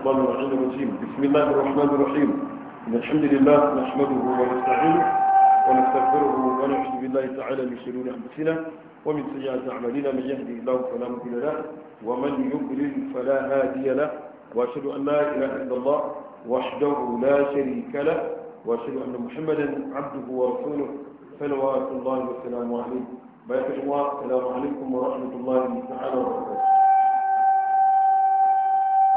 الشيطان الرجيم الرجيم بسم الله الرحمن الرحيم إن الحمد لله نحمده ونستعينه ونستغفره ونعوذ بالله تعالى من شرور أنفسنا ومن سيئات أعمالنا من يهده الله فلا مضل له ومن يضلل فلا هادي له وأشهد أن لا إله إلا الله وحده لا شريك له وأشهد أن محمدا عبده ورسوله صلوات الله وسلامه عليه بارك الله السلام عليكم ورحمة الله تعالى وبركاته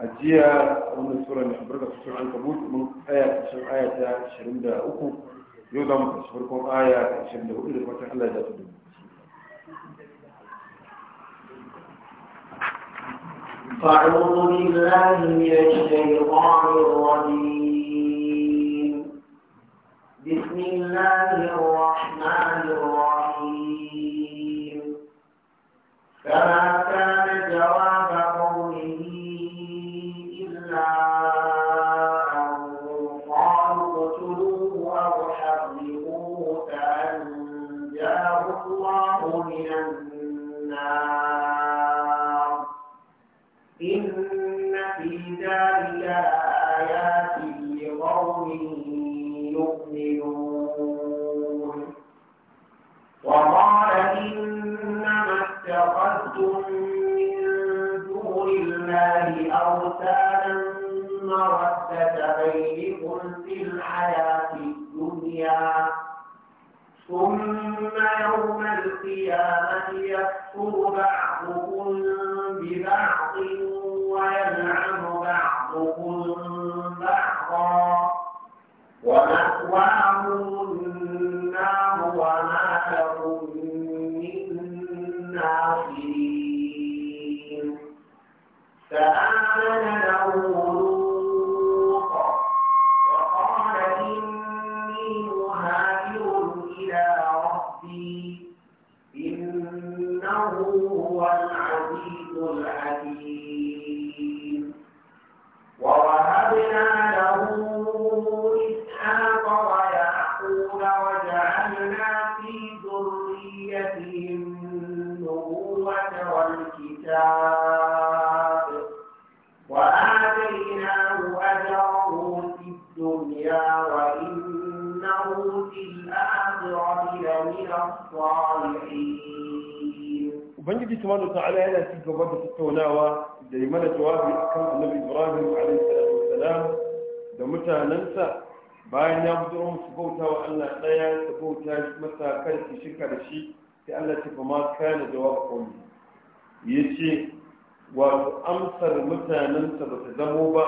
أجيء من سورة محبرة في سورة الكبوت من آية, آية سورة آية شرندة أكو يوضم تشفركم آية شرندة أكو إذا كنت أحلى جاتو دم فأعوذ بالله من الشيطان الرجيم بسم الله الرحمن الرحيم فما كان جواب يوم القيامة يكفر بعضكم ببعض ويلعن بعضكم الدنيا وإنه في الآخرة لمن الصالحين Ubangiji subhanahu ta'ala yana ci gaba da tattaunawa da yi mana jawabi akan Annabi Ibrahim alaihi salatu wasalam da mutanansa bayan ya buɗe musu bauta wa Allah ɗaya su bauta masa kada su shirka da shi sai Allah ta kuma kana jawab qawli yace wato amsar mutanansa ba ta zamo ba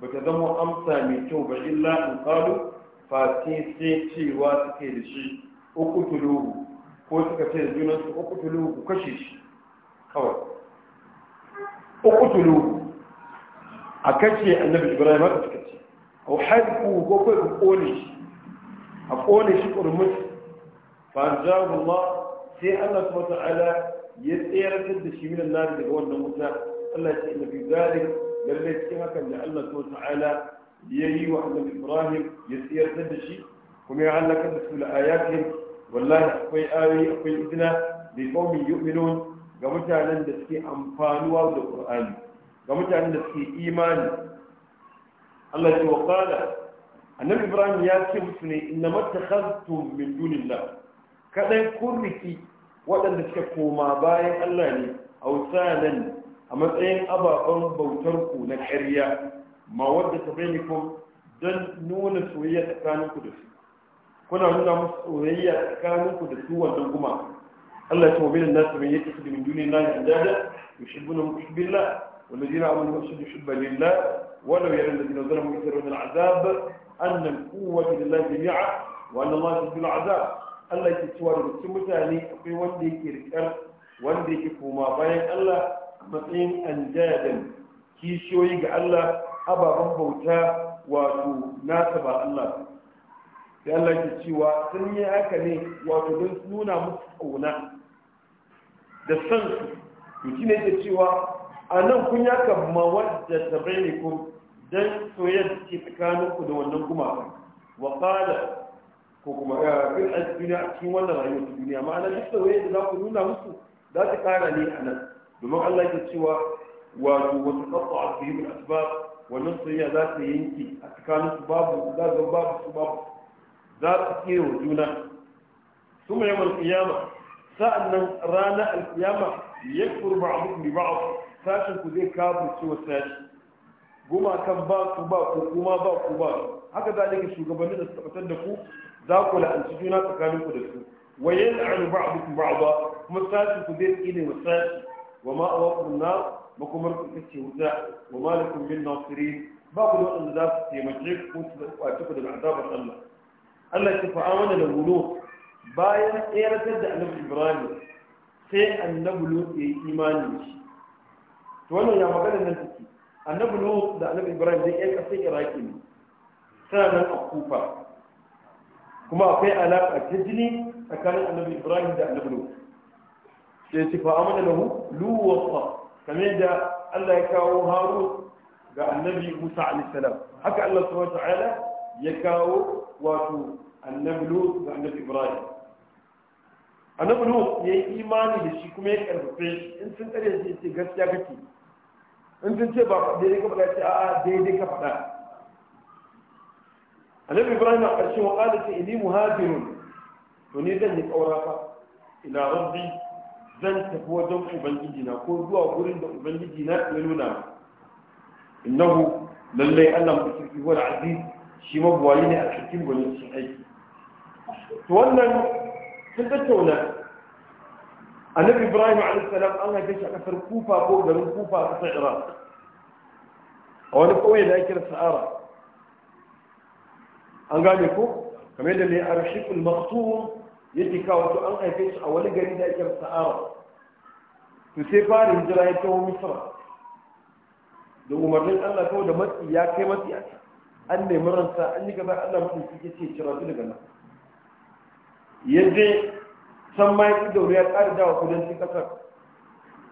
ba ta zama amsa mai kyau ba illa in kalu fati sai cewa suke da shi uku tuluhu ko suka ce da junan su uku tuluhu ku kashe shi kawai uku tuluhu a kashe annabi ibrahim haka suka ce a au haiku ko kai ku kone shi a kone shi kurmus fa ja jawo sai allah subhanahu wa ta'ala ya tsayar da shi minan nari daga wannan wuta allah ya ce inna fi zalik lallai cikin hakan da Allah subhanahu ta'ala ya yi wa annabi Ibrahim ya tsiyar da shi kuma ya halaka da su ayatin wallahi akwai ayoyi akwai izina da qaumi yu'minun ga mutanen da suke amfanuwa da Qur'ani ga mutanen da suke imani Allah ya wakala annabi Ibrahim ya ce musu ne innamat takhaztum min dunillah kadai kun riki waɗanda suka koma bayan Allah ne ausanan a matsayin ababen bautar ku na ƙarya ma wadda ta bainikum don nuna soyayya tsakaninku da su kuna nuna musu soyayya tsakaninku da su wannan kuma Allah ya tawabe da nasu mai yake su min duniya na jada yushibuna mushbillah والذين امنوا اشد حبا لله ولو يرى الذين ظلموا يثيرون العذاب ان القوه لله جميعا وان الله شديد العذاب الله يتسوى لكم متاني اقوى وندي كيركر وندي koma bayan allah. matsayin andadan kishiyoyi ga Allah ababen bauta wato nasa ba Allah da Allah ke cewa sun yi haka ne wato don nuna musu ƙauna da san su to shine ke cewa a nan kun ya kama wadda ta bai ku don soyayya da ke tsakaninku da wannan kuma. wa ƙala ko kuma ƙarfin a a cikin wannan rayuwar duniya ma'ana duk soyayya da za ku nuna musu za ta ƙara ne a nan دموع الله يتسوى وتقطعت بهم الأسباب والنصر هي ذات ينتي أتكان السباب وذات ذباب السباب ذات كثير وجونا ثم يوم القيامة سألنا رانا القيامة يكفر بعضهم ببعض ساشن كذين كابر سوى ساشن قوما كان باق كوبا كوما باق كوبا هكذا لك شو قبل من استقتل نفو ذاكو لأن سجونا تكالي قدسو ويلعن بعضكم بعضا مساشن كذين كيني مساشن wa ma awakum na makomar ku ita ce wuta wa malakum min nasirin ba ku da waɗanda za su taimake ku su kwace ku daga azabar Allah Allah ya fa'a mana da gulo bayan tseratar da annabi Ibrahim sai annabi Lut ya yi imani shi to wannan ya magana nan a annabi Lut da annabi Ibrahim dai ƴan ƙasar Iraki a kuma akwai alaƙa ta jini tsakanin annabi Ibrahim da annabi sai ci fa amana lahu luwafa kamar da Allah ya kawo Harun ga annabi Musa alaihi salam haka Allah subhanahu wa ta'ala ya kawo wato annabi Lut ga annabi Ibrahim annabi Lut ya yi imani da shi kuma ya karfafe shi in sun tsare shi ce gaskiya kake in sun ce ba daidai ka faɗa ce a'a daidai ka faɗa annabi Ibrahim a ƙarshen wa qala inni muhajirun to ni zan yi kaura fa ila rabbi zan tafi wajen ubangiji na ko zuwa gurin da ubangiji na ya nuna innahu lallai Allah mu shirki wal aziz shi mabuwayi ne a cikin gwanin cikin aiki to wannan sun tattauna annabi ibrahim alayhi an haife shi a kasar kufa ko garin kufa a kasar iraq a wani kauye da ake sa'ara an gane ko kamar da ne arshikul maqtum yake kawo to an haife shi a wani gari da ake sa'ara to sai fara hijira ya kawo misra da umarnin allah kawai da matsi ya kai matsi a an nemi ransa an yi gaba allah mutum su ce cira su daga nan yadda san ma ya da ya ƙara dawa kudancin ƙasar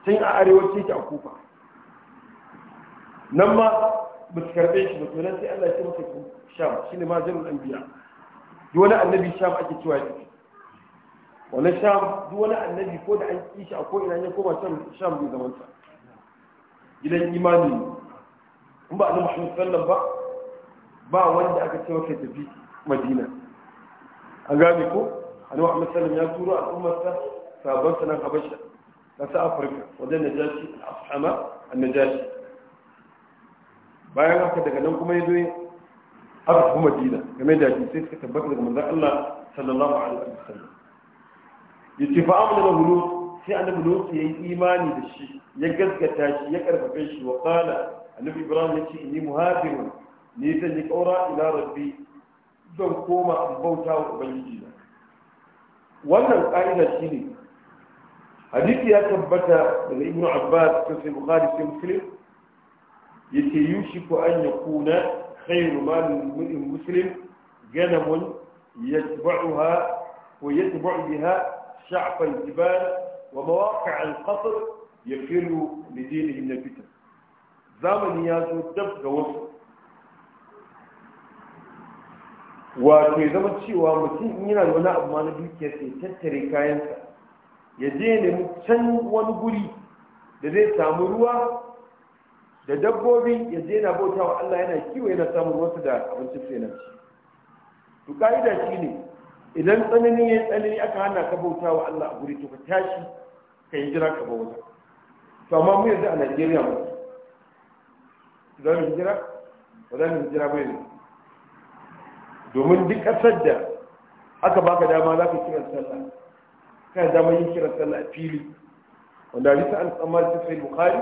tun a arewacin ki a kufa nan ma ba su karɓe shi ba to nan sai allah ya ce masa sham shi ne ma jirin an biya duk wani annabi sham ake cewa ya wani sham duk wani annabi ko da an kishi a ko'ina ya koma sham bai zamanta gidan imani ne in ba annabi muhammad sallan ba ba wanda aka ce maka tafi madina an gane ko annabi muhammad sallan ya turo al'ummarsa sabon sanan habasha ƙasa afirka wajen a al'afhama annajashi bayan haka daga nan kuma ya zo aka kuma madina game da sai suka tabbata daga manzan Allah sallallahu alaihi wasallam yace fa amana lahu lut sai annabi lut yayi imani da shi ya gaskata shi ya karfafe shi wa qala annabi ibrahim yace inni muhajirun ni zan yi kaura ila rabbi zan koma in bauta wa ubangiji na wannan ka'ida shine hadisi ya tabbata daga ibnu abbas ta sai bukhari sai muslim yace yushiku an yakuna khairu malin muslim ganamun yatba'uha ويتبع بها شعب الجبال ومواقع القطر يفر لدينه من الفتن زمن يازو دب وصل wato ya zama cewa mutum yana da wani abu ma na dukiya sai tattare kayansa ya je nemi can wani guri da zai samu ruwa da dabbobi ya je na bauta wa Allah yana kiwo yana samun wasu da abincin sai na ci to ka'ida shi ne idan tsanani ya tsanani aka hana ka bauta wa Allah a guri to ka tashi ka yi jira ka bauta to amma mu yanzu a Najeriya mu za mu jira ba za mu jira ba ne. domin duk kasar da aka baka dama za ka kira sallah ka da dama yin kiran sallah a fili wanda bisa an tsammar ta sai bukari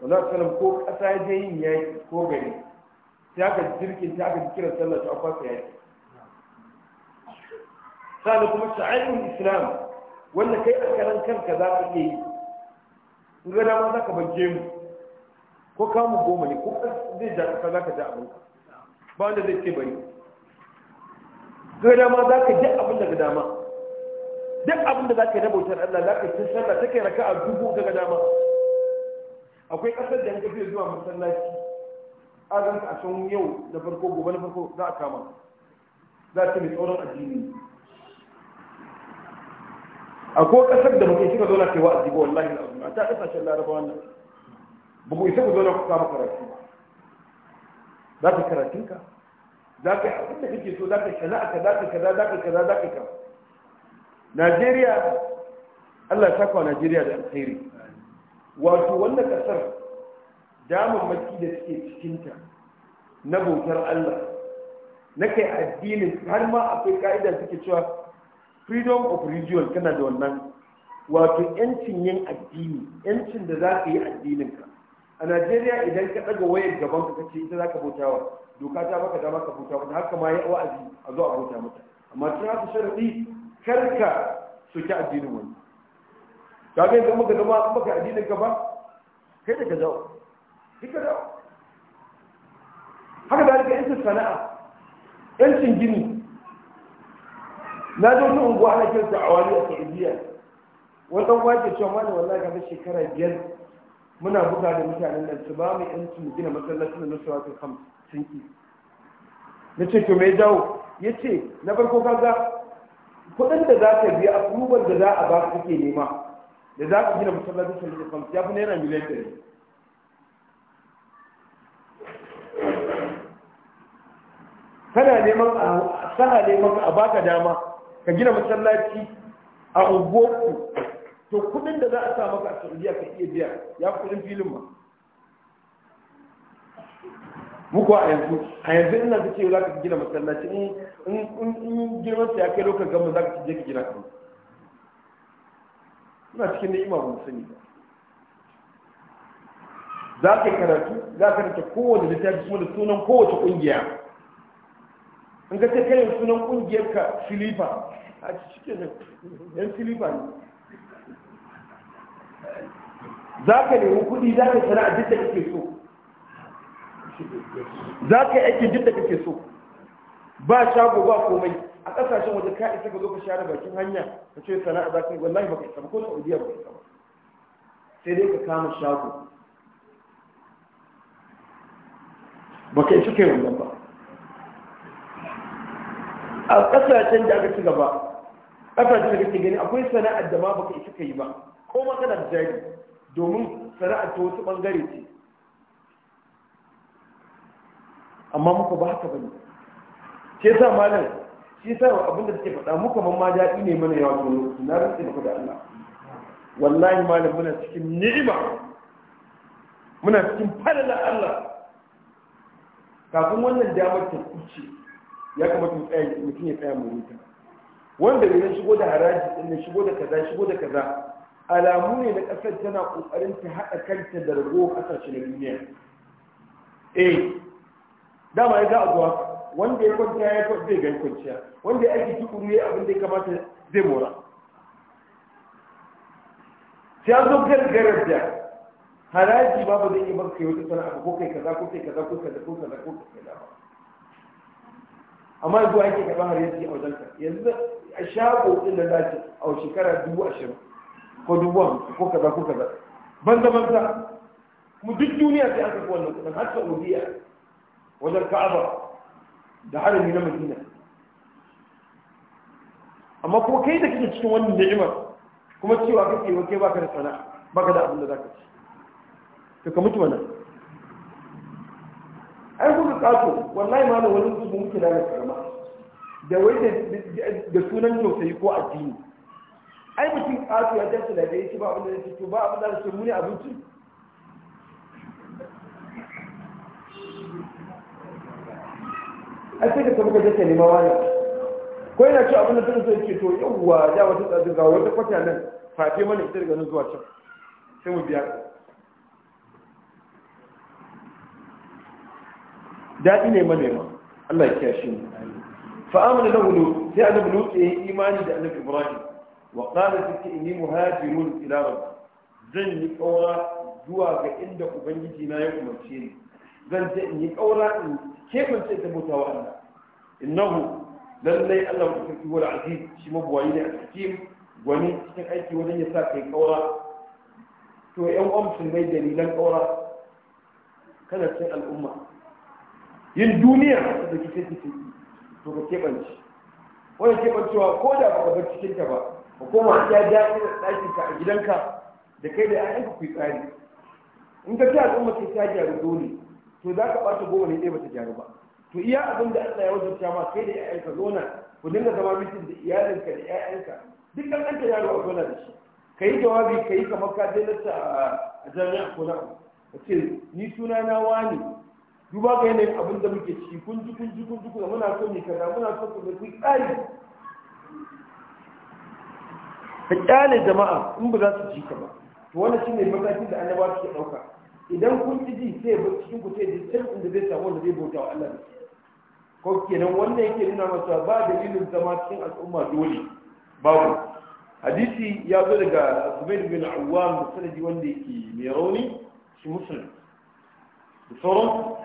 wanda a ko ƙasa ya je yin yayi ko gari sai aka jirkin ta aka kira sallah ta akwasa yayi Sani kuma sha'airul islam wanda kai a karan kanka za ka iya yi in ga dama za ka banje mu ko kamu goma ne ko zai ja ka za ka ja abinka ba wanda zai ce bari ga dama za ka ji abin da ga dama duk abin da za ka yi na bautar Allah za ka yi sallah ta kai raka a dubu ga dama akwai ƙasar da yanka fiye zuwa masallaci azanta a can yau na farko gobe na farko za a kama za ta mai tsoron addini a ko kasar da muke kika zauna kai wa'azi ba wallahi al'azim a ta kasashen laraba wannan ba ku isa ku zauna ku samu karatu za ka karatunka za ka yi abin da kake so za ka sana'a ka za ka kaza za ka kaza za ka ka. najeriya allah ta kawo najeriya da alkhairi wato wannan kasar damammaki da suke cikinta na bautar allah na kai addinin har ma akwai ka'ida suke cewa freedom of religion kana da wannan wato yancin yin addini yancin da za ka yi addininka a najeriya idan ka ɗaga wayar gaban ka kace ita za ka bautawa doka ta baka dama ka bauta mata haka ma ya wa'azi a zo a bauta mata amma tun haka sharaɗi karka soki addinin wani ka ga yadda muka zama an baka addinin ka ba kai da ka zawo duk ka zawo haka da rika yancin sana'a yancin gini na zo ta unguwa na kirta a wani a saudiya wani ɗan wake cewa mana wallahi kamar shekara biyar muna buga da mutanen nan su ba mu yanci mu gina masallacin da na wata kam sun ki na ce to mai jawo ya ce na farko kaza. kuɗin da za ka biya approval da za a ba su kake nema da za ka gina masallacin shawarar kam ya fi naira miliyan ɗari kana neman a neman a baka dama ka gina masallaci a unguwarku to kudin da za a sa maka a saudiya ka iya biya ya fi kudin filin ma muku a yanzu a yanzu ina da cewa za ka gina masallaci in girman sa ya kai lokacin gama za ka je ka gina kan ina cikin ni'ima ba sani ba za ka yi karatu za ka rike kowane littafi kuma da sunan kowace kungiya in ka ce kayan sunan kungiyar ka silifa a cikin nan yan silifa ne za ka nemi kudi za ka sana'a duk da kake so za ka yi aikin duk da kake so ba shago ba komai a kasashen waje ka isa ka zo ka share bakin hanya ka ce sana'a za ka yi wallahi ba ka isa ba ko saudiya ba ka isa sai dai ka kama shago ba ka isa kai wannan ba a ƙasashen da aka ci gaba kasashen da kake gani akwai sana'ar da ma baka isa kai yi ba ko magana da jari domin sana'ar ta wasu bangare ce amma muka ba haka bane ke sa malam shi sa abin da suke faɗa Muka man ma daɗi ne mana yawa tono na rantsi muku da Allah wallahi malam muna cikin ni'ima muna cikin falala Allah kafin wannan damar ta kuce ya kamata mutum ya tsaya mu wanda ne shigo da haraji ne shigo da kaza shigo da kaza alamu ne na kasar tana kokarin ta haɗa kanta da rago kasashe na duniya eh dama ya ga abuwa wanda ya kwanta ya kwanta zai ga kwanciya wanda ya aiki tukuru ya abin da ya kamata zai mora sai an zo gargarar da haraji babu zai yi barka yau wata sana'a ko kai kaza ko kai kaza ko kaza ko kaza ko kaza ba amma yanzu ake karɓar haraji a wajen ka yanzu a shago ɗin da za a shekara dubu ashirin ko dubu hamsin ko kaza ko kaza banza banza kuma duk duniya sai aka fi wannan kuɗin har saudiya wajen ka'aba da harami na madina amma kuma kai da kake cikin wannan ni'imar kuma cewa kake wa kai baka da sana'a baka da abin da zaka ci to ka mutu wannan ai kuka kaso wallahi ma wani zubu muke na karama da wai da sunan tausayi ko addini ai mutum kaso ya tashi da ya ba abin da ya ba abin da ya muni abinci ai sai ka tabbata da take nema wani ko yana ci abin da ta so yake to yawwa da wata ga wata kwata nan fafe mana ita daga nan zuwa can sai mu biya daɗi ne manema Allah ya kiyashe mu fa'amana da lut sai annabi lut ya yi imani da annabi ibrahim wa qala tilka inni muhajirun ila rabbi zan yi kaura zuwa ga inda ubangiji na ya umarce ni zan je in yi kaura in kebance ta bauta wa Allah innahu lallai Allah ku sarki wal aziz shi mabuwayi ne a cikin gwani cikin aiki wajen ya sa kai kaura to yan uwan musulmai dalilan kaura kana cikin al'umma yin duniya da kike kike to ka keɓance wani keɓancewa ko da ba ka bar cikin ta ba ka koma ya daɗi da ɗakin ka a gidanka da kai da 'ya'yanka ku tsari in ka ta al'umma sai ta gyaru dole to za ka bata goma ne dai ba ta gyaru ba to iya abin da Allah ya wajabta ma kai da ƴaƴan ka zona ku dinga zama mutum da iyalinka da 'ya'yanka. duk ɗan ɗan ka zona da shi ka jawabi ka kamar ka daina ta a jami'a ko na ce ni suna na wani duba ga yanayin abin da muke ciki kun ji kun ji kun ji kun muna so ne kaza muna so ku ku tsari ka kyale jama'a in ba za su ji ka ba to wannan shine matakin da annaba suke dauka idan kun ji ji sai ba cikin ku sai da sai inda zai samu wanda zai bauta wa Allah da ko kenan wannan yake nuna masa ba dalilin zama cikin al'umma dole babu hadisi ya zo daga Zubair bin Awwam da sanadi wanda yake mai rauni shi musulmi da sauransu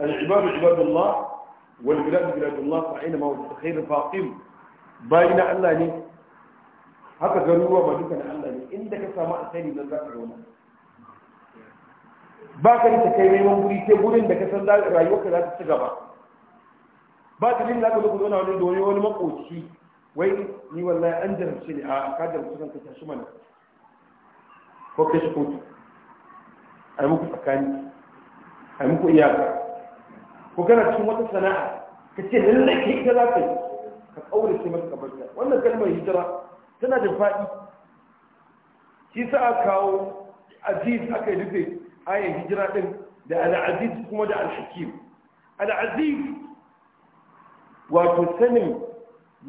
العباد عباد الله والبلاد بلاد الله فأينما والخير فاقم باين الله ني haka garuruwa ba duka na Allah ne inda ka samu asali na za ka rauna ba ka ta kai neman guri sai gurin da ka san rayuwa za ta ci gaba ba ta jin zaka zo zauna wani domin wani makoci wai ni wallahi an jarabce ne a ka jarabce a yi muku a yi muku iyaka ko kana cikin wata sana'a ka ce lallai ka ita za ka yi ka kaure ce kamar kabarta wannan kalmar hijira tana da faɗi shi sa a kawo aziz aka yi rufe ayan hijira ɗin da al'aziz kuma da al-hakim al'aziz wato sanin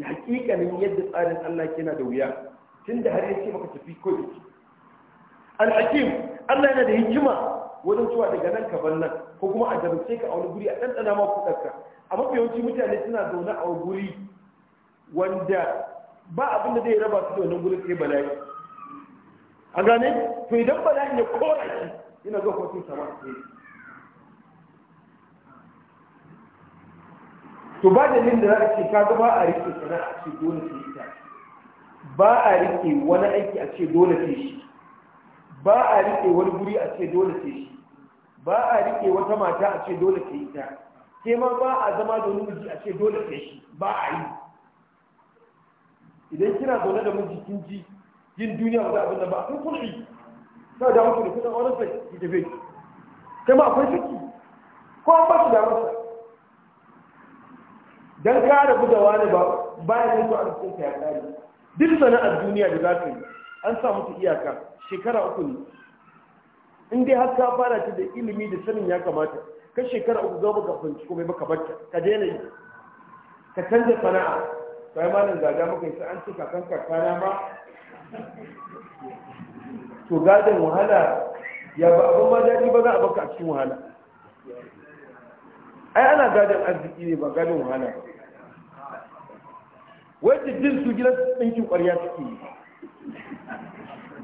hakikanin yadda tsarin Allah yana da wuya tun da har yace maka tafi ko yake al-hakim Allah yana da hikima wajen cewa daga nan ka ban nan ko kuma a jarumce ka a wani guri a ɗanɗana ma kuɗarka a mafi yawanci mutane suna zaune a guri wanda ba abin da zai raba su da wannan gurin sai bala'i a gane to idan bala'i ya kora shi yana zuwa kuma sama sama sai to ba dalilin da za a ce ka ba a rike sana'a ce dole sai ita ba a rike wani aiki a ce dole sai shi ba a rike wani guri a ce dole sai shi ba a rike wata mata a ce dole ta yi ta ke ma ba a zama da miji a ce dole ta shi ba a yi idan kina zaune da miji kin ji yin duniya ba abin da ba kun kulli sai da mutum kusan wani sai ki tafi kai ma akwai ciki ko an ba shi da masa dan ka rabu da wani ba bayan ne a cikin sai ka ya kare duk sana'ar duniya da za ka yi an sa musu iyaka shekara uku ne in dai har ka fara ta da ilimi da sanin ya kamata ka shekara uku ga baka fahimci komai baka bacci ka daina yi ka canza sana'a Sai malam gaga muka yi an ce kakan kakana ma to gadon wahala ya ba abin ma daɗi ba za a baka a cikin wahala ai ana gadon arziki ne ba gadon wahala ba wai jin su gidan ɗinkin ƙwarya suke yi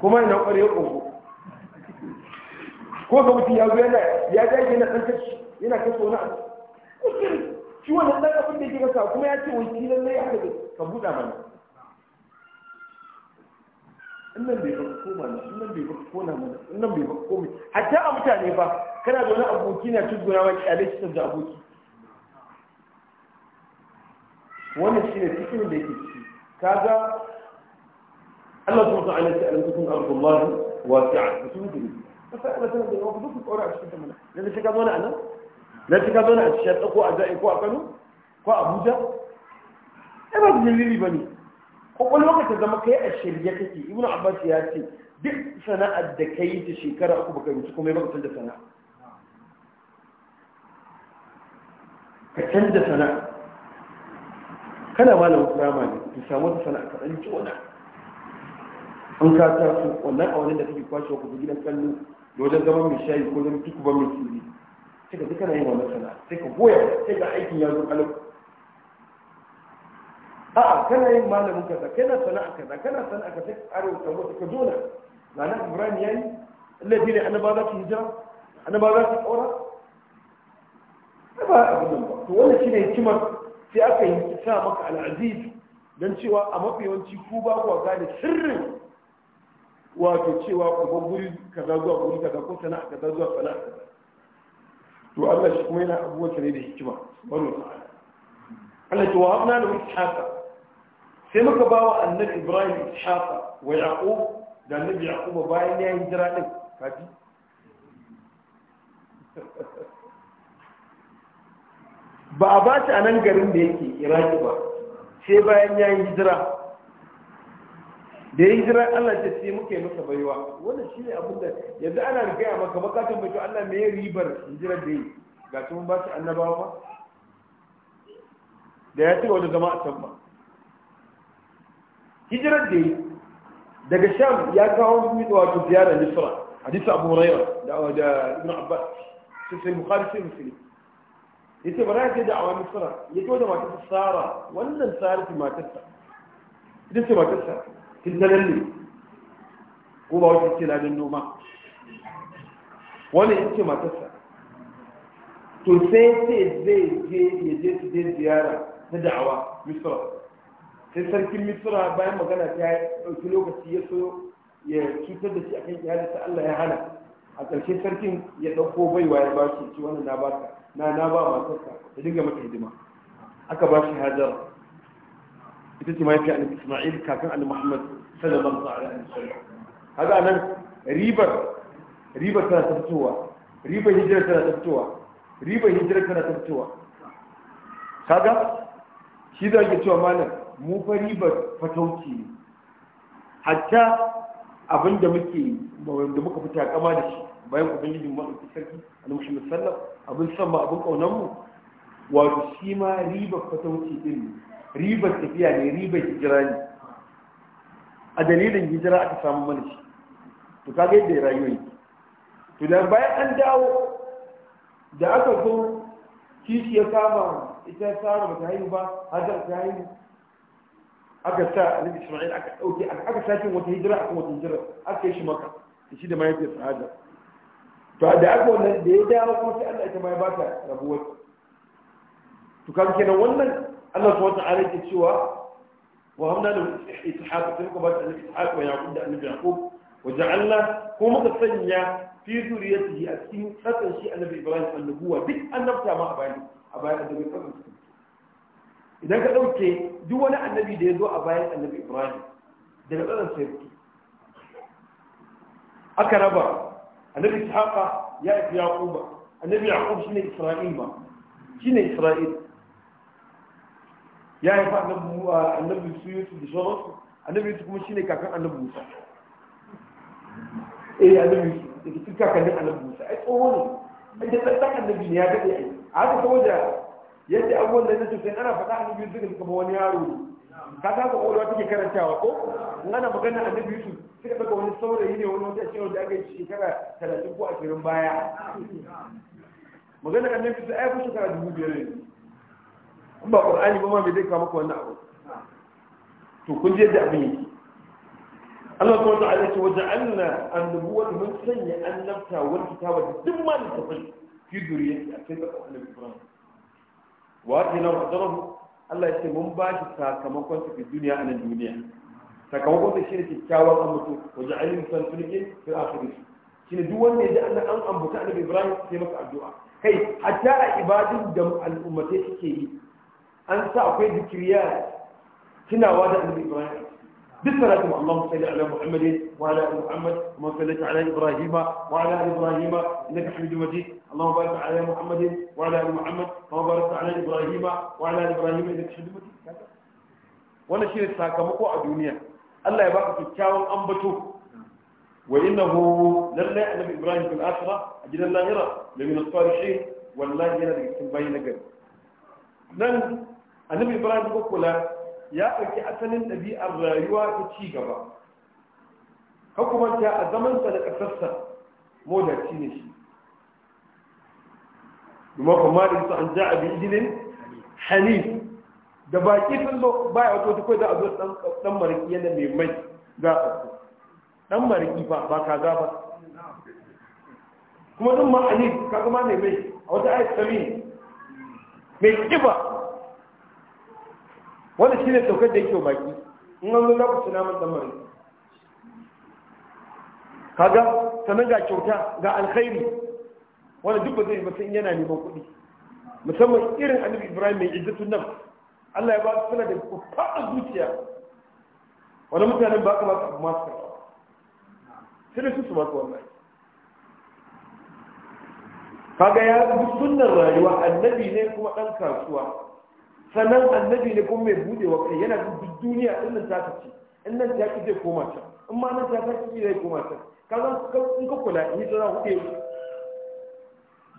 kuma ina ƙwarya ƙoƙo ko ga mutum ya zuwa ya dage yana tsantarci yana kashi wani abu shi wannan ɗan abin da ke kasa kuma ya ce wai shi lallai haka ka buɗa mana innan bai baka koma ne innan bai baka kona mana innan bai baka komai hatta a mutane ba kana da wani aboki na cikin gona wani kyale shi da aboki wannan shi ne cikin da yake ciki kaga Allah subhanahu wa ta'ala ya ce alaikum ardullahi wasi'a mutum da kusa ana sanar da yawa duk tsoro a cikin ta mana yanzu shi ka zo a nan na shi ka zo a cikin ko a za'i ko a kano ko a abuja ai ba dalili ba ne ko kwakwalwa ta zama kai a shirye kake ibnu abbas ya ce duk sana'ar da ka yi ta shekara uku baka rubuta kuma ya baka canza sana'a ka canza sana'a kana malamin kurama ne ka samu wata sana'a ka ɗan jona an ka taso wannan a wani da kake kwashe ku gidan kallo wajen zama mai shayi ko zama tuku ban mai tsiri sai ka duka na yin wannan sana'a sai ka goya sai ka aikin ya zo kalau a'a kana yin malamin kaza kana sana'a kaza kana sana'a kaza sai ka arewa ka wata ka zona na nan ibrahim ya yi allafi ne ba za su hijira ba za su tsora ba abin nan ba to wannan shine hikimar sai aka yi sa maka al'aziz dan cewa a mafi yawanci ku ba ku gane sirrin wato cewa ku bar guri kaza zuwa guri kaza ko sana'a kaza zuwa sana to Allah shi kuma yana abubuwan sa ne da hikima subhanahu ta'ala Allah ce wa habna lahu ishaqa sai muka bawa annabi Ibrahim ishaqa wa yaqub da annabi yaqub bayan ya hijira din kaji ba a ba shi a nan garin da yake iraki ba sai bayan ya hijira da ya jira Allah ce sai masa baiwa wannan shine abin da yanzu ana gaya maka bukatun mai to Allah me ribar hijirar da yi ga tun ba su annabawa ba da ya ce wani zama a can ba hijirar da yi daga sham ya kawo mu da wato ziyarar misra hadisi abu raira da da ibn abbas sai sai bukhari sai muslim yace ce ya ce da awa misra yace wata matar sara wannan sarati matarsa ita ce matarsa tun ne ko ba wata ce ladan noma wani ya ce matarsa to sai sai zai je ya je su je ziyara na da'awa misra sai sarkin misra bayan magana ta yi ɗauki lokaci ya so ya cutar da shi akan ta Allah ya hana a ƙarshe sarkin ya ɗauko baiwa ya bashi ci wannan na na na ba matarsa da dinga mata hidima aka ba bashi hajar ita ce mafi a ismail kakan ali muhammad sallallahu alaihi wasallam haka nan ribar ribar tana tafitowa, ribar hijira tana tafitowa. ribar hijira tana tafitowa. kaga shi da ake cewa malam mu fa ribar fatauci ne hatta abin da muke da muka fita kama da shi bayan ubangiji mu maɗauki sarki annabi muhammad sallallahu abin san ba abin kaunan mu wato shi ma ribar fatauci din ne ribar tafiya ne ribar hijira ne a dalilin hijira aka samu mana shi to kaga yadda ya rayuwa ne. to da bayan an dawo da aka zo kishi ya kama ita tsara ba ta haihu ba da ta haihu aka sa annabi Isma'il aka ɗauki, aka sace wata hijira aka wata hijira aka yi shi maka shi da mahaifiyar Hajar to da aka wannan da ya dawo kuma sai Allah ita ma ya ba ta rabuwar to kan kenan wannan Allah kuma ta'ala yake cewa wa hamna da ishaq sai muka ba ta ishaq wa yaqub da annabi yaqub wa ja'alna ko muka sanya fi zuriyatihi a cikin tsakan shi annabi ibrahim annabuwa duk annabta ma a bayan a bayan annabi tsakan shi idan ka dauke duk wani annabi da ya zo a bayan annabi ibrahim da na sai aka raba annabi ishaqa ya fi yaquba annabi yaqub shine isra'il ma shine isra'il ya fa annabi su yusuf da sauransu annabi yusuf kuma shine kakan annabi musa eh annabi yusuf da cikin kakannin annabi musa ai tsoho ne ai da tsakan annabi ne ya gaɗe ai a haka da yadda abubuwan da ya tafi ana faɗa annabi yusuf da kuma wani yaro ne ka ta ga ƙwarewa take karantawa ko in ana magana annabi yusuf suka daga wani saurayi ne wani wata cewa da aka yi shekara talatin ko ashirin baya magana annabi yusuf ai ku shekara dubu biyar ne in ba qur'ani ba ma me zai kawo maka wannan abu to kun je da abin yi. Allah kuma ta alaƙi wajen anna annabuwar mun sanya annabta wani kitaba da duk ma littafin fi duriyar a cikin ƙasar annabi Ibrahim. Wa ta yana wa Allah ya ce mun ba shi sakamakon sa fi duniya a nan duniya. Sakamakon sa shi ne kyakkyawan an mutu, wajen alim san tulke fi akhiri. Shi ne duk wanda ya ji annan an ambata annabi Ibrahim sai masa addu'a. Kai hatta a ibadun da al'ummatai suke yi an sa akwai zikiriya tunawa da annabi ibrahim duk salatu Allahumma salli ala Muhammadin wa ala ali Muhammad kama salli ala Ibrahim wa ala ali Ibrahim innaka Hamidum Majid Allahu barik ala Muhammadin wa ala ali Muhammad kama barakta ala Ibrahim wa ala ali Ibrahim innaka Hamidum Majid wannan shine sakamako a duniya Allah ya baka kyakkyawan ambato وإنه لله النبي إبراهيم في الآخرة أجل الله يرى لمن الصالحين والله يرى لكم بين قبل لن annabi ibrahim ko ya ɗauki asalin ɗabi'ar rayuwa ta ci gaba ka a zaman sa da ƙasarsa modaci ne shi domin kuma da su an ja a bijinin hanif da baki sun zo baya wato ta za a zo ɗan mariki yana mai mai za a su ɗan mariki ba ba za ba kuma ɗin ma hanif ka ma mai mai a wata ayat sami mai kiba wanda shi ne saukar da yake baki in an zo lokacin namun tsammanin kaga sannan ga kyauta ga alkhairi wanda duk ba zai ba sai yana neman kuɗi musamman irin annabi ibrahim mai izzatun nan allah ya ba su suna da faɗa zuciya wani mutanen ba ka ba su masu karɓa sai da su su masu wallahi kaga ya bi sunnar rayuwa annabi ne kuma ɗan kasuwa sannan annabi ne kuma mai bude wa kai yana duk duniya in nan ta ci in nan ta ki koma ta in ma nan ta ci zai koma ta ka san in ka kula hijira hudu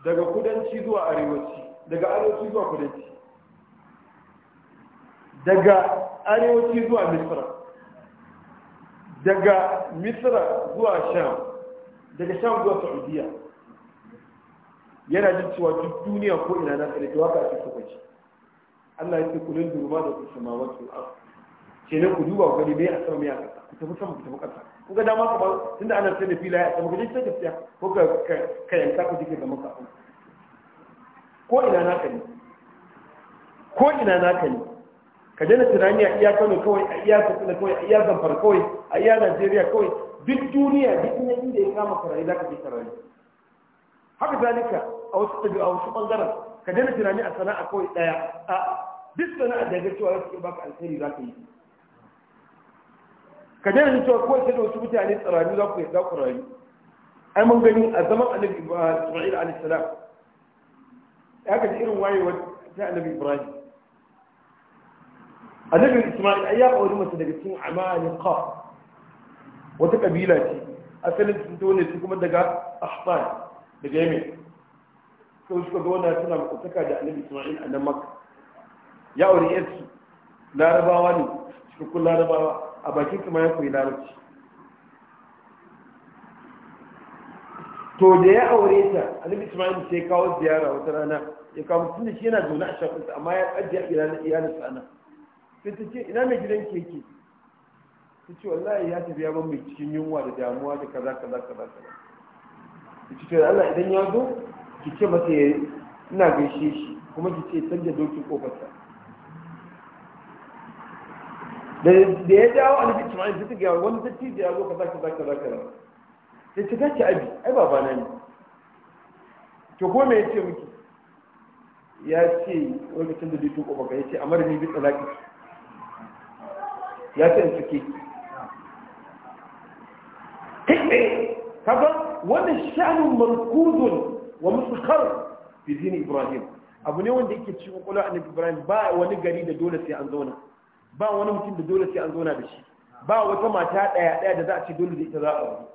daga kudanci zuwa arewaci daga arewaci zuwa kudanci daga arewaci zuwa misra daga misra zuwa sham daga sham zuwa saudiya yana jin cewa duk duniya ko ina na tsare ta waka a cikin kwaci Allah ya ce kulin duruma da kusa ma wasu ce ne ku duba ku gani me a sama me a kasa ku tafi sama ku tafi kasa ku ga dama ka ba tunda ana sai da filaye a sama ku je ta gaskiya ko ka ka yanka ku jike da maka ko ina na ka ne ko ina na ka ne ka daina tunani a iya Kano kawai a iya Katsina kawai a iya Zamfara kawai a iya Najeriya kawai duk duniya duk inda ya kama karayi za ka je karayi haka zalika a wasu tabi a wasu bangaren ka daina tunani a sana'a kawai daya a duk sana'a da ga cewa yake baka alheri za ka yi ka daina jin cewa kawai sai da wasu mutane tsarari za ku za ku rayu ai mun gani a zaman annabi Isra'il alayhi salam ya ka irin wayewa ta annabi Ibrahim annabi Isma'il ai ya kawo masa daga cikin amalika wata kabila ce asalin sun tone su kuma daga ahsan daga yemen sau suka ga wanda suna makutaka da annabi isma'il a nan makka ya aure yarsu larabawa ne cikakkun larabawa a bakin kuma ya koyi larabci to da ya aure ta annabi isma'il sai kawo ziyara wata rana ya kawo tun da shi yana zaune a shafinsa amma ya ajiye iyalan iyalansa nan sai ta ce ina mai gidan ke yake ta ce wallahi ya tafi ya ban mai cikin yunwa da damuwa da kaza kaza kaza kaza ta ce Allah idan ya zo ki ce masa ya ina gaishe shi kuma ki ce canja dokin kofarsa da ya dawo a nufin cimani da ta gaya wani da ya zo ka za ka za ka za ka sai ta dace abi ai babana ne to ko me ya ce miki ya ce wani canza dokin ka, ya ce a ni bi tsalaki ya ce in suke kai tsaye kaga wannan sha'anin markuzun wa mustakhar fi dini ibrahim abu ne wanda yake cikin kula annabi ibrahim ba wani gari da dole sai an zauna ba wani mutum da dole sai an zauna da shi ba wata mata daya daya da za a ce dole da ita za a aure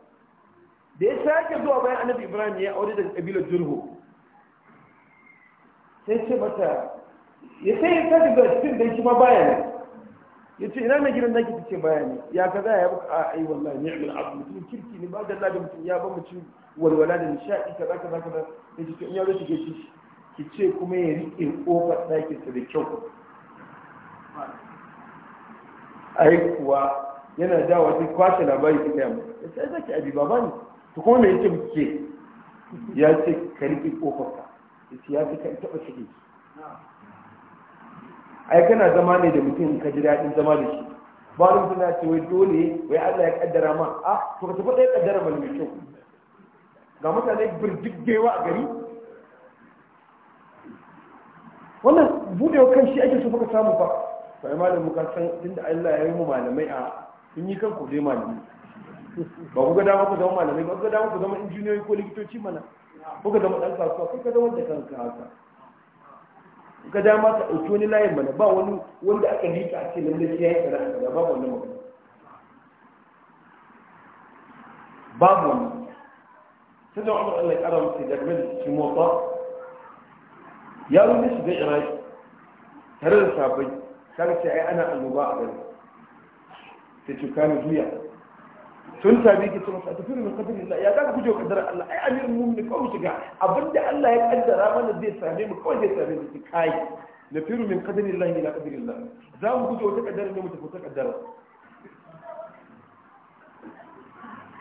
da ya sake zuwa bayan annabi ibrahim ya aure daga kabilar jurhu sai ce mata ya sai ya sake ga cikin da shi ma baya ne yace ina mai gidan daki kike bayani ya kaza ya buka ai wallahi ni'mal abdu mutum kirki ne ba da Allah da mutum ya ba mutum walwala da nishadi kaza kaza kaza yace to in ya zo shige shi ki ce kuma ya riƙe daki sa da kyau ai kuwa yana da sai kwashe labari ta gaya mu zaki ce za ki abi baba ne to kuma me yake muke ya ce ka riƙe ƙofarka ka ya ce ka taɓa shige ai kana zama ne da mutum ka ji daɗin zama da shi ba wani mutum ya ce wai dole wai Allah ya kaddara ma a ah, to ka tafi ɗaya kaddara ba mai kyau ga mutane birjiggewa a gari wannan buɗewa kan shi ake so ka samu ba to ai malam mu ka san tunda Allah ya yi mu malamai a kun yi kanku dai malamai ba ku ga dama ku zama malamai ba ku ga dama ku zama injiniyoyi ko likitoci mana ku ga zama ɗan kasuwa ku ga zama da kanka haka ga dama ka ɗauki wani layin mana ba wani wanda aka rika a ce lallai sai ya yi da ba babu wannan magana babu wannan sai da umar Allah ya ƙara masa da game da cikin motsa ya wani shiga iraki tare da sabai kaga sai ai ana annoba a gari sai cuka mu juya tun tabi ki tun ta tafi min qadari Allah ya kaga kuje kaddara Allah ai amir mu'min kawai shiga abinda Allah ya kaddara mana zai same mu kawai zai same mu kai na firu min qadari Allah ila qadari Allah za mu guje wata kaddara ne mu tafi ta kaddara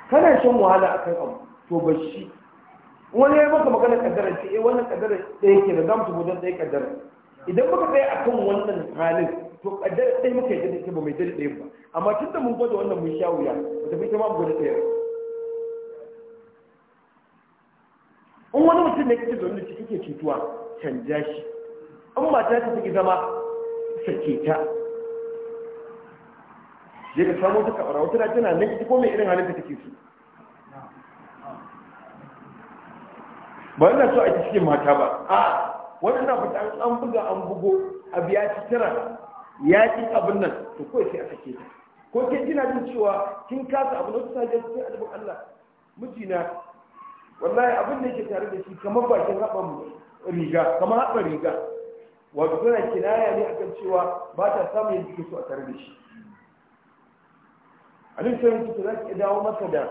kana shan wahala akan abu to bashi wani ya maka magana kaddara ce eh wannan kaddara ɗaya ke da za mu tafi don ɗaya kaddara idan muka tsaya akan wannan halin to kaddara ɗaya muka yi ta ba mai dare ɗaya ba amma tun da mun gwada wannan mun sha wuya ba ta fi ma mu gwada ɗaya in wani mutum ne kake zaune da shi kake cutuwa canja shi in mata ta take zama sake ta je ka samu ta kabara wata tana nan ita ko mai irin halin da take su ba ina so a cikin mata ba a wannan na fita an buga an bugo a biya ci tara ya ki abin nan to kawai sai a sake ta ko ke kina jin cewa kin kasa abin da kusa jin sai adabin Allah mijina wallahi abin da yake tare da shi kamar bakin haɓan riga kamar haɓa riga wato tana kinaya ne akan cewa ba ta samun yadda take so a tare da shi a duk sai kika za ki dawo masa da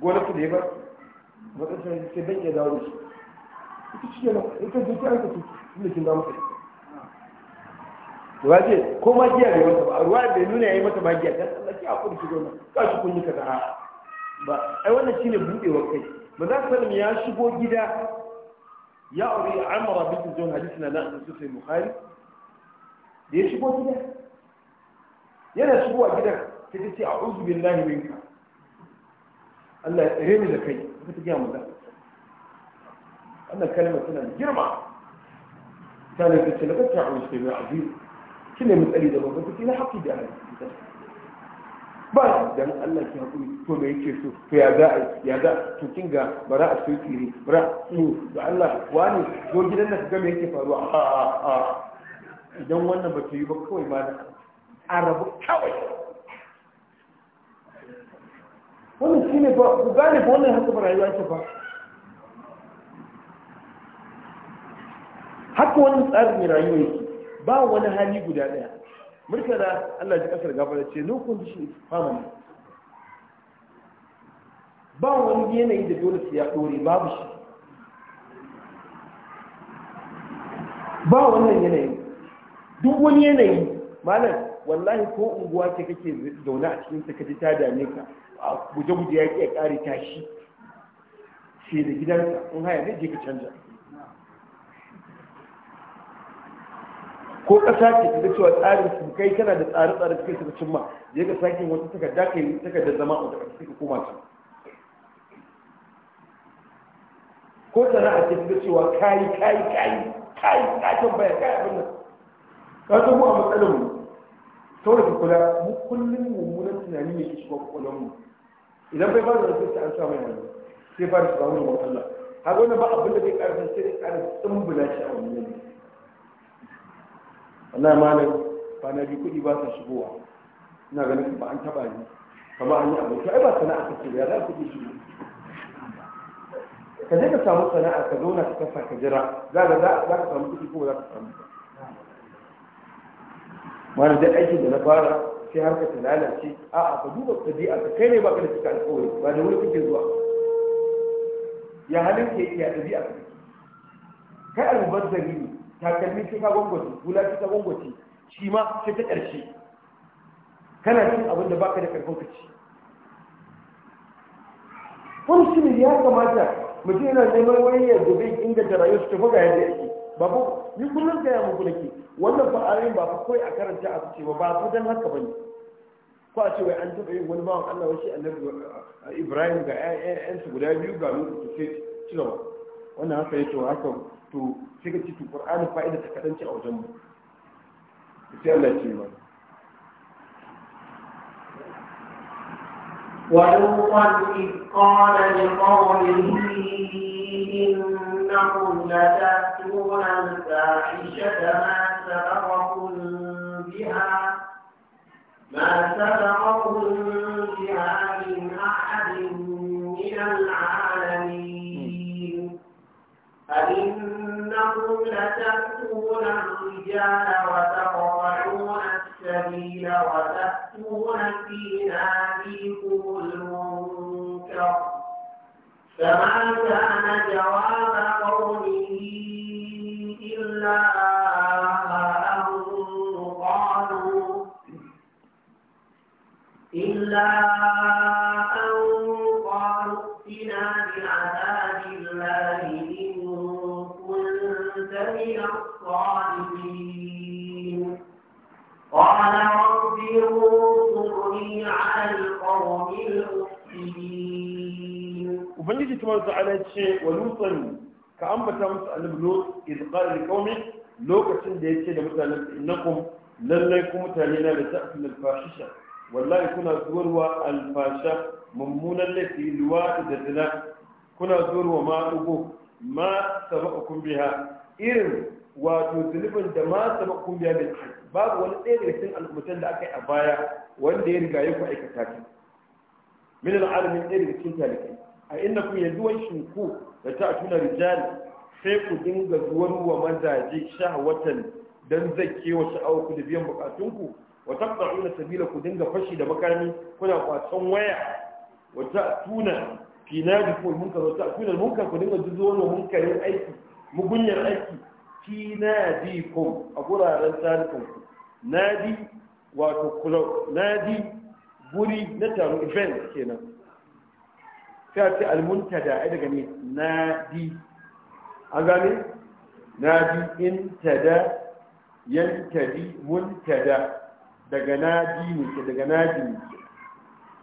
gonarsa da ya ba matsayin sai ban iya dawo da shi ita shi ne ita zuciya ka ce kin dawo masa ruwa ko ma giya bai ba ruwa bai nuna ya yi masa magiya ta tsallaki a kudu shigo nan ka shi kun yi kaza a ba ai wannan shine budewar kai maza sallam ya shigo gida ya aure amara bin zuwan hadisi na nan su sai bukhari da ya shigo gida yana shigowa gida ta ce a'udhu billahi minka Allah ya tsare ni da kai ka ta gaya maza wannan kalmar tana da girma ta ne ta ce lakacin a'udhu billahi azim shi ne matsali da babban kuci na haƙi da hali ba dan Allah ki haƙuri to mai yake so to ya za ya za to kin ga bara a soki ne bara to da Allah wani zo gidan nan ga me yake faruwa a a idan wannan ba ta yi ba kawai ma a rabu kawai wannan shi ne ba ku gane ba wannan haka ba rayuwa ce ba haka wannan tsarin rayuwa yake ba wani hali guda daya da Allah ji kasar da ce no condition fama ne. ba wani yanayi da dole su ya dore babu shi ba wannan yanayi duk wani yanayi malam wallahi ko unguwa ce kake zaune a cikin sakaci ta dame ka a guje-guje ya ƙi ya ƙare tashi sai da gidansa in haya zai je ka canja ko ƙasa ce ta cewa tsarin su kai kana da tsare-tsare cikin suka cimma ya ga sake wata takarda ka yi takardar zama a wata ƙasa suka koma ci ko sana'a ce ta cewa kayi kayi kayi kayi ka baya kayi abin nan ka zo mu a matsalar mu kawai ka kula mu kullum mummunan tunani ne ke shiga kwakwalwar mu idan bai fara da ta an mai yanzu sai fara ba wani da matsala har wani ba abin da zai ƙarfin sai ƙarfin tsumbula shi a wani wallahi malam kwana biyu kuɗi ba sa shigowa ina ganin ba an taɓa ni kama an yi aboki ai ba sana'a kake da ya za kuɗi shigo ka je ka samu sana'a ka zauna ka kasa ka jira za ka samu kuɗi ko za ka samu ba malam dai aikin da na fara sai har ka lalace a'a ka duba ɗabi'a ka kai ne ba ka da cika alƙawari ba da wani kake zuwa ya halin ke ya ɗabi'a kai almubazzari ne takalmi sai ka gwangwace bula sai ka gwangwaci. shi ma sai ta ƙarshe kana cin abin da baka da karfin ka ci ya kamata mutum yana neman wani ya gobe inganta rayuwar su tafi ga yadda yake ba ko ni kullum gaya muku ke. wannan ba ba fa kai a karanta a ce ba ba fa dan haka ne ko a ce wai an taɓa yin wani bawan Allah wasu annabi uh, Ibrahim ga 'ya'yansu guda biyu ga Nuhu to sai ci gaba wannan haka ya wa haka to sai ka ci to qur'ani fa'ida ta kasance a wajen mu sai Allah ya ce mana ولوطا إذ قال لقومه إنكم لتأتون الفاحشة ما سبقكم بها ما سبق الرجال وترضعون السبيل وتأتون في ناديكم المنكر فما كان جواب قومه إلا أن قالوا إلا قال رب انصرني على القوم المفسدين وبنجي تمام على شيء ولوطا كأنبت أمس أن لوط إذ قال لقومه lokacin da ya ce da mutanen innakum lallai ku mutane na da ta'fil al-fahisha wallahi kuna zuwarwa al-fasha mummunan laifi luwa da zina kuna ma dugo ma irin wato zulubin da ma saba kumbiya da shi babu wani ɗaya daga cikin al'ummatan da aka yi a baya wanda ya riga ya ku aikata ta min al'alamin ɗaya daga cikin talibai a inna ku yanzu wani shinku da ta tuna rijal sai ku dinga zuwan wa mazaje shahawatan dan zakke wa sha'awar ku da biyan bukatun bukatunku wa taqta'una sabila ku dinga fashi da makami kuna kwatsan waya wa ta tuna fi nadi ko munkar wa ta tuna munkar ku dinga zuwan wa munkarin aiki mugunyar aiki fi nadikum a guraren tarihin nadi wato club nadi guri na taro event kenan sai a ce almunta da ai daga ne nadi an gane nadi intada yantadi muntada daga nadi ne ke daga nadi ne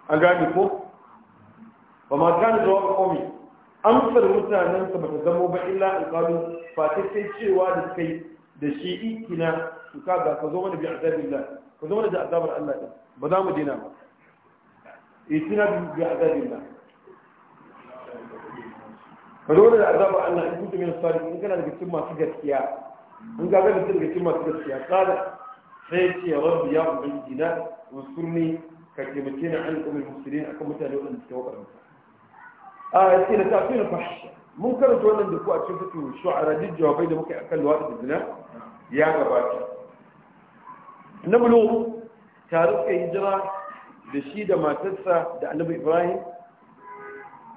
an gane ko ba ma gane jawabin komi amsar mutanensa ba ta zamo ba illa alƙalu fatacce cewa da kai da shi ikina su kaga ka zo mana bi azabin ka zo mana da azabar Allah din ba za mu dina ba itina bi azabin Allah ka zo mana da azabar Allah in kuntum min sadiqin in kana da cikin masu gaskiya in ga daga cikin masu gaskiya kada sai ce rabbi ya ubangiji na usurni ka taimake ni an umul muslimin akan mutane waɗanda suke wakarta a ce da tafiyin fahimta mun karanta wannan da ku a cikin fito shu'ara duk jawabai da muka yi akan luwaɗi da zina ya gabata na bulo tare suka jira da shi da matarsa da annabi ibrahim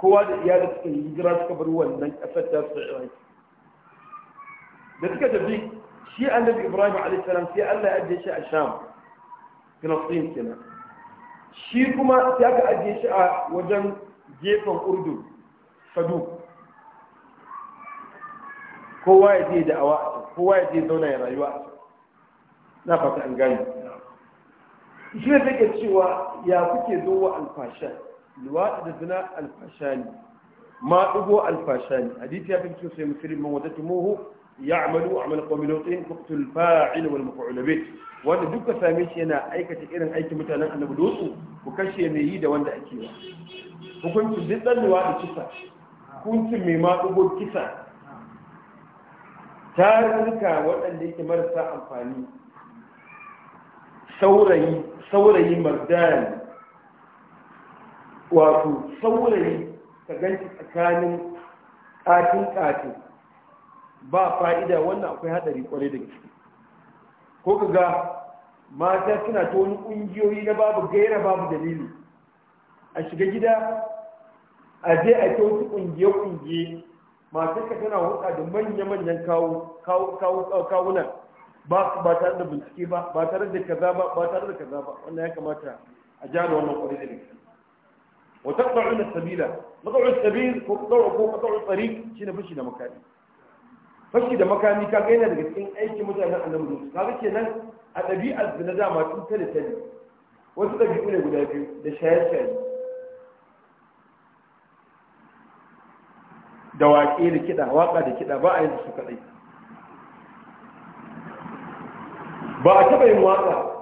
kowa da iyalin suka jira suka bar wannan ƙasar ta su iran da suka tafi shi annabi ibrahim alaihissalam sai allah ya ajiye shi a sham filistin kenan shi kuma sai aka ajiye shi a wajen gefen urdun sadu kowa ya je da'awa a can kowa ya je zauna ya rayuwa a na fata an gani shi ne take cewa ya kuke zo wa alfasha luwaɗi da zina alfashani ne ma ɗugo alfasha ne hadisi ya fi cikin sai musulmi man wadatu muhu ya amalu amal kwamilotin kuktul fa'il wal mafu'ulabe wanda ka same shi yana aikata irin aikin mutanen annabi dutsu ku kashe mai yi da wanda ake yi hukuncin duk dan da kisa hukuncin mai maɗugo kisa tarurruka waɗanda yake marasa amfani saurayi saurayi mardan wato saurayi ka ganci tsakanin ƙatin ƙatin ba fa'ida wannan akwai haɗari ƙwarai da gaske ko ka ga mata suna ta wani ƙungiyoyi na babu gaira babu dalili a shiga gida a je a ta wasu ƙungiye-ƙungiye masu ka tana hulɗa da manya-manyan kawunan ba tare da bincike ba ba tare da kaza ba ba tare da kaza ba wannan ya kamata a ja da wannan ƙwarai da gaske wa taqta'u da sabila matsawar Sabir sabil ko qata'u ko tsari shi na fashi da makami fashi da makami ka gaina daga cikin aikin mutanen annabi ke nan. a ɗabi'ar zina dama tun tare tare wasu ɗabi'u ne guda biyu da shaye-shaye da waƙe da kiɗa waƙa da kiɗa ba a yi su kaɗai ba a taɓa yin waƙa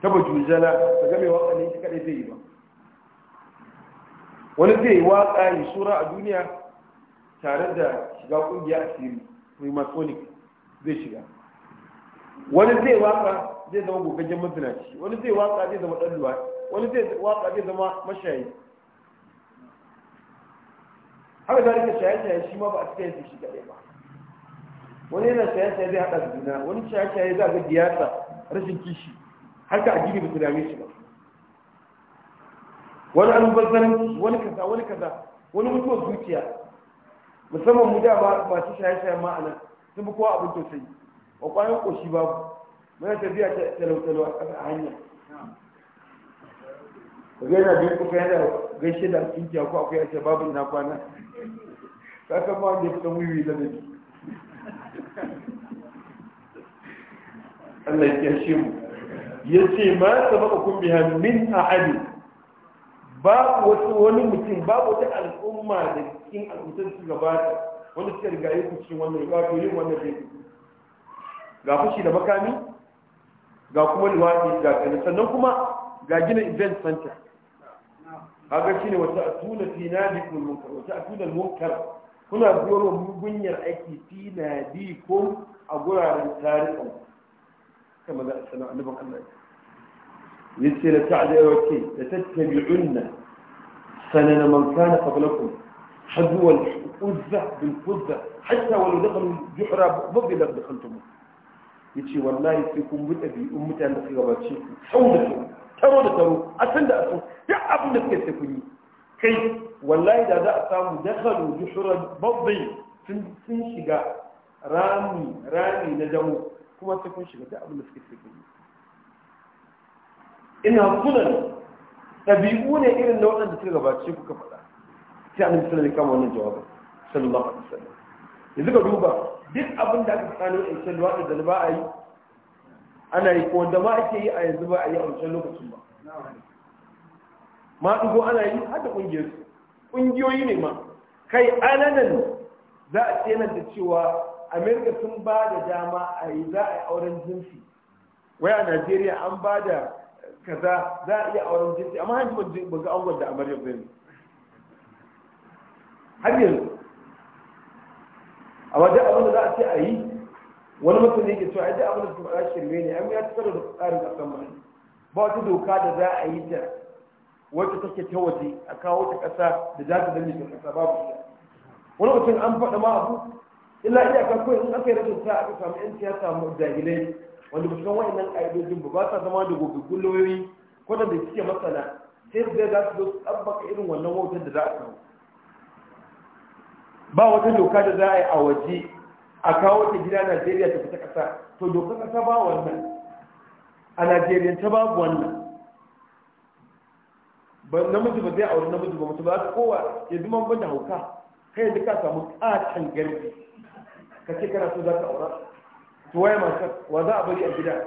ta jujjana ta game waƙa ne shi kaɗai zai yi ba wani zai yi waƙa yi sura a duniya tare da shiga ƙungiya a mai masonic zai shiga wani zai waka zai zama gogaggen mazinaci wani zai waka zai zama ɗan luwa wani zai waka zai zama mashayi haka a rika shaye-shaye shi ma ba a cikin yanzu shi kaɗai ba wani yana shaye-shaye zai haɗa juna wani shaye-shaye za a ga diyasa rashin kishi haka a gini ba su dame shi ba wani almubazzaranci wani kaza wani kaza wani mutuwar zuciya musamman mu da masu shaye-shaye ma'ana sun fi kowa abin tausayi ba kwanan ƙoshi babu mai tafiya talautalo a ƙasa hanya ka yana biyu kuka yana gaishe da kinkiya ko akwai yace babu ina kwana Ta kama ma wanda ya fita wiwi da nabi Allah ya kyashe mu ya ce ma sabaka kun biha min ahadi ba wasu wani mutum babu wata al'umma da cikin al'ummar su gabata wanda suka riga yi ku cikin wannan ba to yin wannan ga fushi da makami ga kuma luwaɗi ga kanin sannan kuma ga gina event center kaga shine wata atuna fi nadikum munkar wata atuna munkar kuna biyar wa mugunyar aiki fi nadikum a guraren tarihin kama da sanan annabin Allah yace la ta'daya wa ce la tattabi'unna sanan man kana qablakum حذو العزة بالفزة حتى ولو دخلوا الجحر مضي لك دخلتموه ya ce wallahi sai kun bi ɗabi'un mutane da suka gabace ku sau da sau taro da taro a san da a san duk abin da suka sai kun yi kai wallahi da za a samu dakhalu juhuran babbi sun sun shiga rami rami na damo kuma sai kun shiga duk abin da suka sai kun yi ina sunan ɗabi'u ne irin na waɗanda suka gabace ku ka faɗa sai annabi sallallahu alaihi wasallam kama wannan jawabin sallallahu alaihi wasallam yanzu ka duba duk abin da aka tsano a wancan luwaɗi da ba a yi ana yi ko wanda ma ake yi a yanzu ba a yi a wancan lokacin ba ma ɗigo ana yi har da ƙungiyar ƙungiyoyi ne ma kai ananan za a ce nan da cewa amerika sun ba da dama a yi za a yi auren jinsi wai a najeriya an ba da kaza za a iya auren jinsi amma hajji ba ga angon da amarya bane har yanzu a wajen ce a yi wani mutum ne ke cewa a da abin da suka faɗa shirme ne an ya ci da tsarin ƙasar mu ba wata doka da za a yi ta wacce take ta waje a kawo ta ƙasa da za ta zama ta ƙasa babu shi wani mutum an faɗa ma abu illa iya ka koyi in aka yi rashin sa aka samu yan siyasa mu jahilai wanda ba su san wa'annan ƙa'idojin ba ba sa zama da gobe lauyoyi ko da bai cike masana sai su zai za su zo su tsabbaka irin wannan wautar da za a samu ba wata doka da za a yi a waje a kawo ta gida najeriya ta fita ƙasa to doka ƙasa ba wannan a najeriya ta babu wannan namiji ba zai auri namiji ba mutu ba su kowa ya zuma ban da hauka kai yanzu ka samu ƙaton garbi ka ce kana so za ka aura to waye masu wa za a bari a gida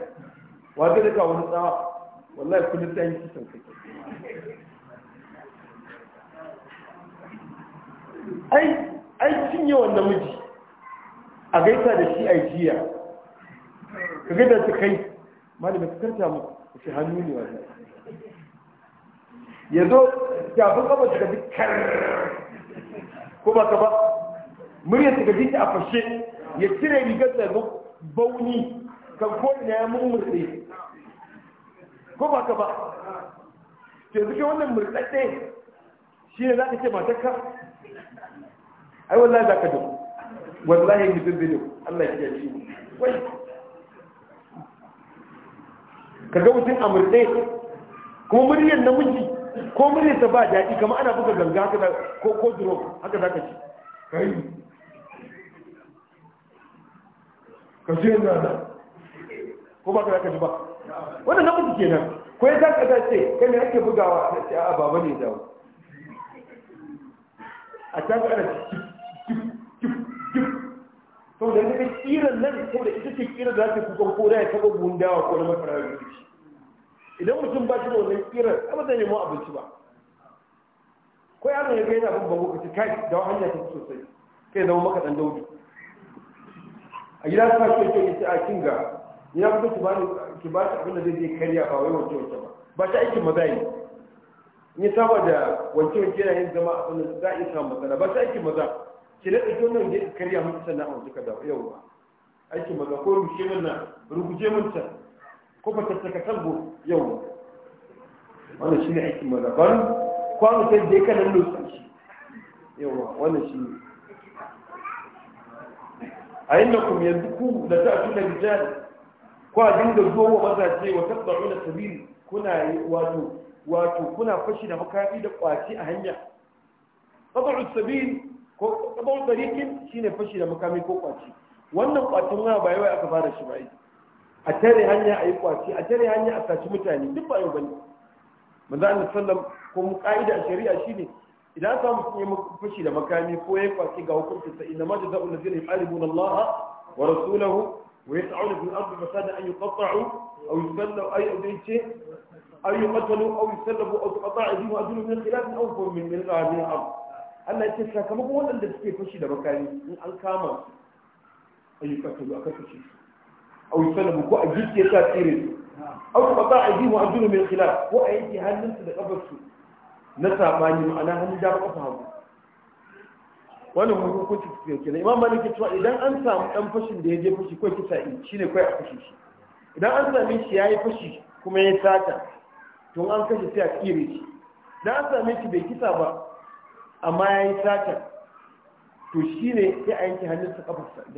wa zai rika wani tsawa wallahi kullum ta yi kisan kai ai ai cinye wannan miji a gaisa da shi a jiya ka gaisa da kai malami ka karta mu shi hannu ne wannan ya zo tafin kama ta gabi kar ko ba ka ba murya ta gabi ta a fashe ya cire rigar da bauni kan na ya mummurɗe ko ba ka ba ke zuke wannan murɗaɗɗe shi ne za ka ce matakka ai wallahi za ka dubu wallahi mutum ne Allah ya ci wai kaga mutum a murɗe kuma muryar namiji ko muryar ta ba daɗi kama ana buga ganga haka ko ko duro haka za ka ci kai ka ji na na ko ba ka za ka ji ba wannan namiji kenan ko ya zaka ta ce kai ne ake bugawa ta ce a baba ne dawo a can ana duk to da kaga tsiran nan ko da ita ce tsiran da zaka kusan ko da ya taba buhun dawa ko na masara da rubuce idan mutum ba shi da wannan tsiran ba zai nemo abinci ba ko ya ya ga yana bin bango kace kai da hanya ta sosai kai zama maka dan daudi a gida ta ce ke ita a kinga ya fito ki ba ki ba abin da zai je kariya ba wai wancan-wancan. ba ba ta aikin maza ne in ya saba da wancan wanke yana yin zama a da za a iya samun matsala ba ta aikin maza ki na ɗauki wannan ya karya miki sannan a wajen ka yau ba aikin maza ko rushe min nan ruguje min can ko ba tattaka talbo yau ba wannan shi ne aikin maza ba kwano sai je kanan lusa shi Yau ba wannan shi ne a inda kuma yanzu ku da ta tuna rijali ko a dinga zuwa wa mazaje wa tabba'u na sabili kuna wato wato kuna fashi da makafi da kwaci a hanya tabba'u sabili ko kabon barikin shine fashi da makami ko kwaci wannan kwacin wani ba yawai aka fara shi ba a tare hanya a yi kwaci a tare hanya a saci mutane duk ba yau bane manzo Allah sallam ko mu kaida a shari'a shine idan ka mutum ya fashi da makami ko ya kwaci ga hukuncin sa inna ma jazaa'u allazina yuharibuna Allah wa rasulahu wa yas'una fil ardi fasada an yuqatta'u aw yusallabu ay yudayce ay yuqtalu aw yusallabu aw tuqta'a aydihim wa arjuluhum min khilaf aw fur min min al-ard Allah ya ce sakamakon waɗanda suke fashi da makami in an kama su ayyuka ta a kasashe su a wuce ko a gicce ta tsere su a kuma ba a jihu a jiru mai kila ko a yanke hannunsu da su na saɓani ma'ana hannun ba ƙafa hagu wannan hukunci su yake na imam malik cewa idan an samu dan fashin da ya je fashi kai kisa in shine kai a fashi shi idan an same shi ya yi fashi kuma ya sata to an kashe sai a tsire shi idan an same shi bai kisa ba amma ya yi sata to shi ne ya a yanke hannunsa da kafarsa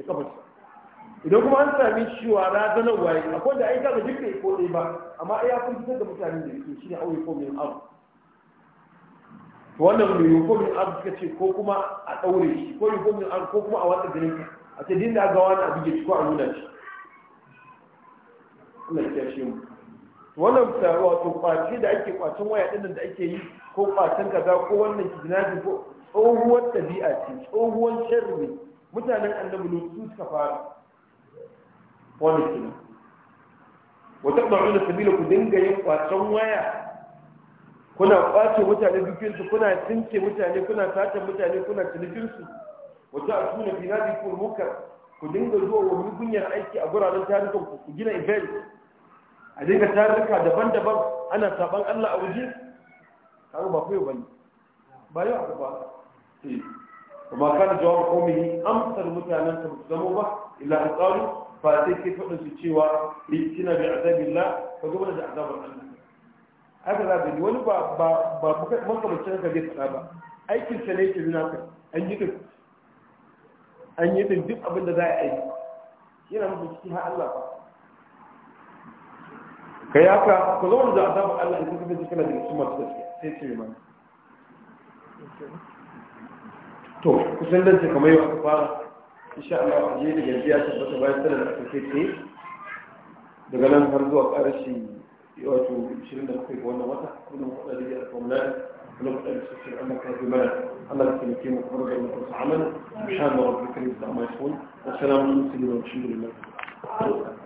idan kuma an sami cewa zanen waye akwai da aika ga jirgin ko ne ba amma ya kun fitar da mutane da yake shi ne aure ko min abu to wannan mai yi ko abu suka ce ko kuma a ɗaure shi ko yi ko abu ko kuma a watsa ganin ka a ce dinda ga wani abu ya ci ko a nuna shi Allah ya shi mu wannan wato kwaci da ake kwacin waya din da ake yi ko kwacin kaza ko wannan kidnapping ko tsohuwar ɗabi'a ce tsohuwar sharri mutanen annabi lut su suka fara wani kina wata ɗaru da sabila ku dinga yin kwacin waya kuna kwace mutane dukinsu kuna tinke mutane kuna sace mutane kuna cinikinsu wata a tuna fi nadi ku dinga zuwa wani gunyar aiki a guraren tarihin ku gina event a dinga tarika daban-daban ana saban Allah a waje Karu ba yi wani, ba yau abu ba eh. kuma kana jawab komi amsar mutanen ta zama ba illa an tsaro fa sai ke fadin su cewa ikina bi azabillah ka zo da azabar Allah aka za ka wani ba ba ba makamacin ka zai fada ba aikin sa ne ke nuna ka an yi duk an yi duk abin da za a yi yana mutu cikin har Allah ba ka yi haka ku zama da azabar Allah idan ka fi kana da su masu gaskiya sai ce mana to kusan dan ce kamar yau aka fara insha Allah a je da gajiya ta bata bayan sanar da aka ce daga nan har zuwa ƙarshe wato 20 da kuka ga wannan wata kuma mu faɗa da alƙawari ولو أن تسجل أنك بما الله يتمكن من قبل أن تنصح عمله سبحان ربك رب العزة عما يصفون وسلام على المرسلين والحمد لله